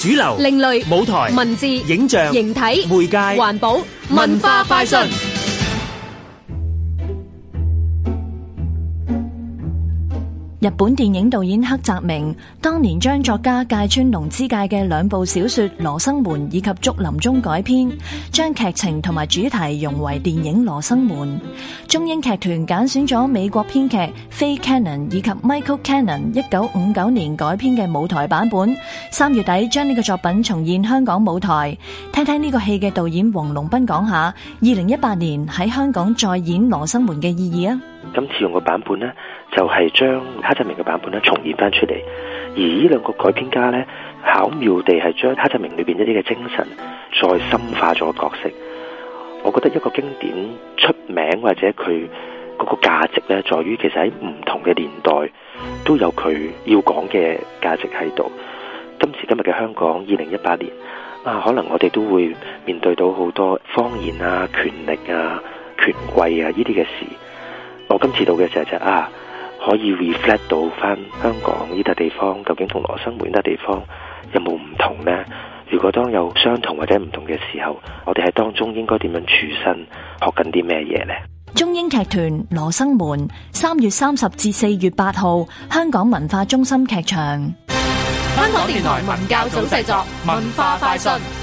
主流、另類、舞台、文字、影像、形體、媒介、環保、文化快訊。日本電影導演黑澤明當年將作家芥川龍之介嘅兩部小說《羅生門》以及《竹林中》改編，將劇情同埋主題融為電影《羅生門》。中英劇團揀選咗美國編劇菲·凱南，以及 Michael Cannon 一九五九年改編嘅舞台版本，三月底將呢個作品重現香港舞台。聽聽呢個戲嘅導演黃龍斌講下二零一八年喺香港再演《羅生門》嘅意義啊！今次用嘅版本咧，就係將黑澤明嘅版本咧重現翻出嚟，而呢兩個改編家咧巧妙地係將黑澤明裏邊一啲嘅精神再深化咗個角色。我覺得一個經典出名或者佢嗰個價值咧，在於其實喺唔同嘅年代都有佢要講嘅價值喺度。今時今日嘅香港2018，二零一八年啊，可能我哋都會面對到好多方言啊、權力啊、權貴啊呢啲嘅事。我今次到嘅時候就啊。可以 reflect 到翻香港呢笪地方究竟同羅生門呢笪地方有冇唔同呢？如果當有相同或者唔同嘅時候，我哋喺當中應該點樣處身？學緊啲咩嘢呢？中英劇團羅生門三月三十至四月八號香港文化中心劇場。香港電台文教組製作文化快訊。